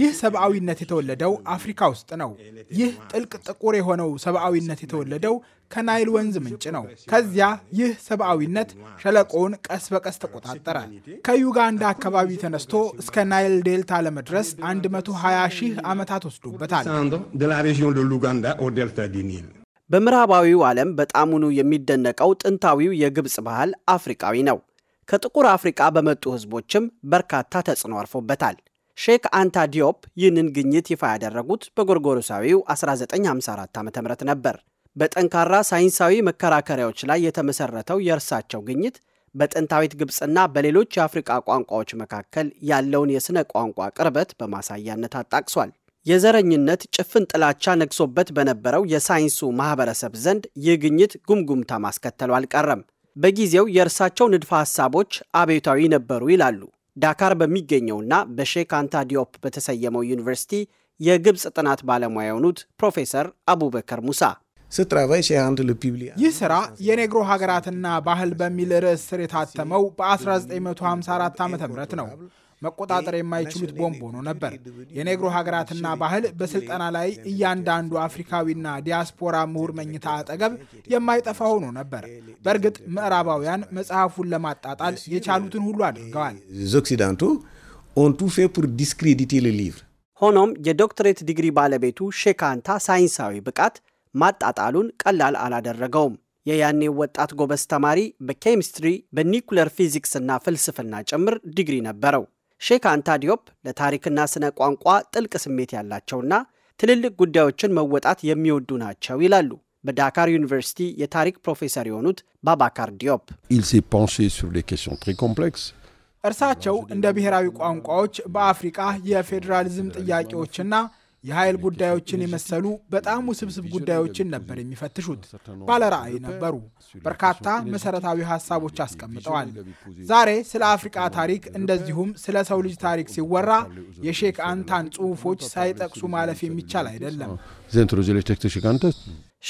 ይህ ሰብአዊነት የተወለደው አፍሪካ ውስጥ ነው። ይህ ጥልቅ ጥቁር የሆነው ሰብአዊነት የተወለደው ከናይል ወንዝ ምንጭ ነው። ከዚያ ይህ ሰብአዊነት ሸለቆውን ቀስ በቀስ ተቆጣጠረ። ከዩጋንዳ አካባቢ ተነስቶ እስከ ናይል ዴልታ ለመድረስ 120 ሺህ ዓመታት ወስዶበታል። በምዕራባዊው ዓለም በጣሙኑ የሚደነቀው ጥንታዊው የግብፅ ባህል አፍሪካዊ ነው። ከጥቁር አፍሪቃ በመጡ ህዝቦችም በርካታ ተጽዕኖ አርፎበታል። ሼክ አንታ ዲዮፕ ይህንን ግኝት ይፋ ያደረጉት በጎርጎሮሳዊው 1954 ዓ ም ነበር። በጠንካራ ሳይንሳዊ መከራከሪያዎች ላይ የተመሰረተው የእርሳቸው ግኝት በጥንታዊት ግብፅና በሌሎች የአፍሪቃ ቋንቋዎች መካከል ያለውን የሥነ ቋንቋ ቅርበት በማሳያነት አጣቅሷል። የዘረኝነት ጭፍን ጥላቻ ነግሶበት በነበረው የሳይንሱ ማኅበረሰብ ዘንድ ይህ ግኝት ጉምጉምታ ማስከተሉ አልቀረም። በጊዜው የእርሳቸው ንድፈ ሐሳቦች አብዮታዊ ነበሩ ይላሉ ዳካር በሚገኘውና በሼክ አንታ ዲዮፕ በተሰየመው ዩኒቨርሲቲ የግብፅ ጥናት ባለሙያ የሆኑት ፕሮፌሰር አቡበከር ሙሳ። ይህ ስራ የኔግሮ ሀገራትና ባህል በሚል ርዕስ ስር የታተመው በ1954 ዓ ም ነው። መቆጣጠር የማይችሉት ቦምብ ሆኖ ነበር። የኔግሮ ሀገራትና ባህል በስልጠና ላይ እያንዳንዱ አፍሪካዊና ዲያስፖራ ምሁር መኝታ አጠገብ የማይጠፋ ሆኖ ነበር። በእርግጥ ምዕራባውያን መጽሐፉን ለማጣጣል የቻሉትን ሁሉ አድርገዋል። ኦክሲዳንቶ ኦንቱ ፌ ፑር ሊቭር። ሆኖም የዶክትሬት ዲግሪ ባለቤቱ ሼካንታ ሳይንሳዊ ብቃት ማጣጣሉን ቀላል አላደረገውም። የያኔው ወጣት ጎበዝ ተማሪ በኬሚስትሪ በኒኩለር ፊዚክስና ፍልስፍና ጭምር ዲግሪ ነበረው። ሼክ አንታ ዲዮፕ ለታሪክና ስነ ቋንቋ ጥልቅ ስሜት ያላቸውና ትልልቅ ጉዳዮችን መወጣት የሚወዱ ናቸው ይላሉ። በዳካር ዩኒቨርሲቲ የታሪክ ፕሮፌሰር የሆኑት ባባካር ዲዮፕ እርሳቸው እንደ ብሔራዊ ቋንቋዎች በአፍሪቃ የፌዴራሊዝም ጥያቄዎችና የኃይል ጉዳዮችን የመሰሉ በጣም ውስብስብ ጉዳዮችን ነበር የሚፈትሹት። ባለራዕይ ነበሩ። በርካታ መሰረታዊ ሀሳቦች አስቀምጠዋል። ዛሬ ስለ አፍሪቃ ታሪክ እንደዚሁም ስለ ሰው ልጅ ታሪክ ሲወራ የሼክ አንታን ጽሁፎች ሳይጠቅሱ ማለፍ የሚቻል አይደለም።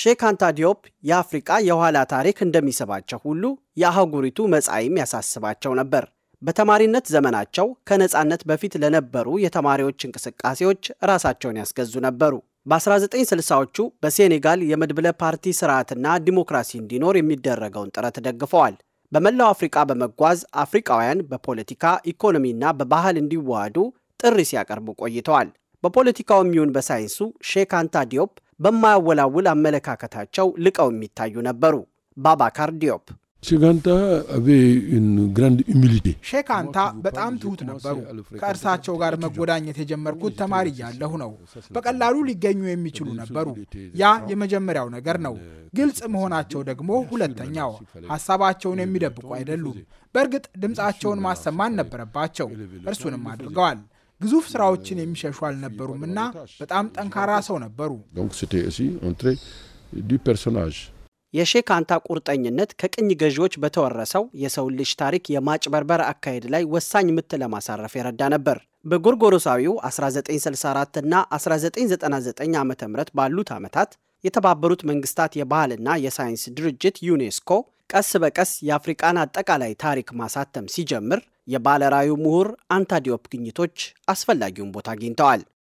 ሼክ አንታ ዲዮፕ የአፍሪቃ የኋላ ታሪክ እንደሚስባቸው ሁሉ የአህጉሪቱ መጻኢም ያሳስባቸው ነበር። በተማሪነት ዘመናቸው ከነፃነት በፊት ለነበሩ የተማሪዎች እንቅስቃሴዎች ራሳቸውን ያስገዙ ነበሩ። በ1960ዎቹ በሴኔጋል የመድብለ ፓርቲ ስርዓትና ዲሞክራሲ እንዲኖር የሚደረገውን ጥረት ደግፈዋል። በመላው አፍሪቃ በመጓዝ አፍሪቃውያን በፖለቲካ ኢኮኖሚና በባህል እንዲዋሃዱ ጥሪ ሲያቀርቡ ቆይተዋል። በፖለቲካውም ይሁን በሳይንሱ ሼካንታ ዲዮፕ በማያወላውል አመለካከታቸው ልቀው የሚታዩ ነበሩ። ባባካር ዲዮፕ ሼካንታ ሼካንታ በጣም ትሁት ነበሩ። ከእርሳቸው ጋር መጎዳኘት የጀመርኩት ተማሪ እያለሁ ነው። በቀላሉ ሊገኙ የሚችሉ ነበሩ። ያ የመጀመሪያው ነገር ነው። ግልጽ መሆናቸው ደግሞ ሁለተኛው። ሀሳባቸውን የሚደብቁ አይደሉም። በእርግጥ ድምፃቸውን ማሰማን ነበረባቸው። እርሱንም አድርገዋል። ግዙፍ ስራዎችን የሚሸሹ አልነበሩም እና በጣም ጠንካራ ሰው ነበሩ። የሼክ አንታ ቁርጠኝነት ከቅኝ ገዢዎች በተወረሰው የሰው ልጅ ታሪክ የማጭበርበር አካሄድ ላይ ወሳኝ ምት ለማሳረፍ የረዳ ነበር። በጎርጎሮሳዊው 1964 እና 1999 ዓ ም ባሉት ዓመታት የተባበሩት መንግስታት የባህልና የሳይንስ ድርጅት ዩኔስኮ ቀስ በቀስ የአፍሪቃን አጠቃላይ ታሪክ ማሳተም ሲጀምር የባለራዩ ምሁር አንታዲዮፕ ግኝቶች አስፈላጊውን ቦታ አግኝተዋል።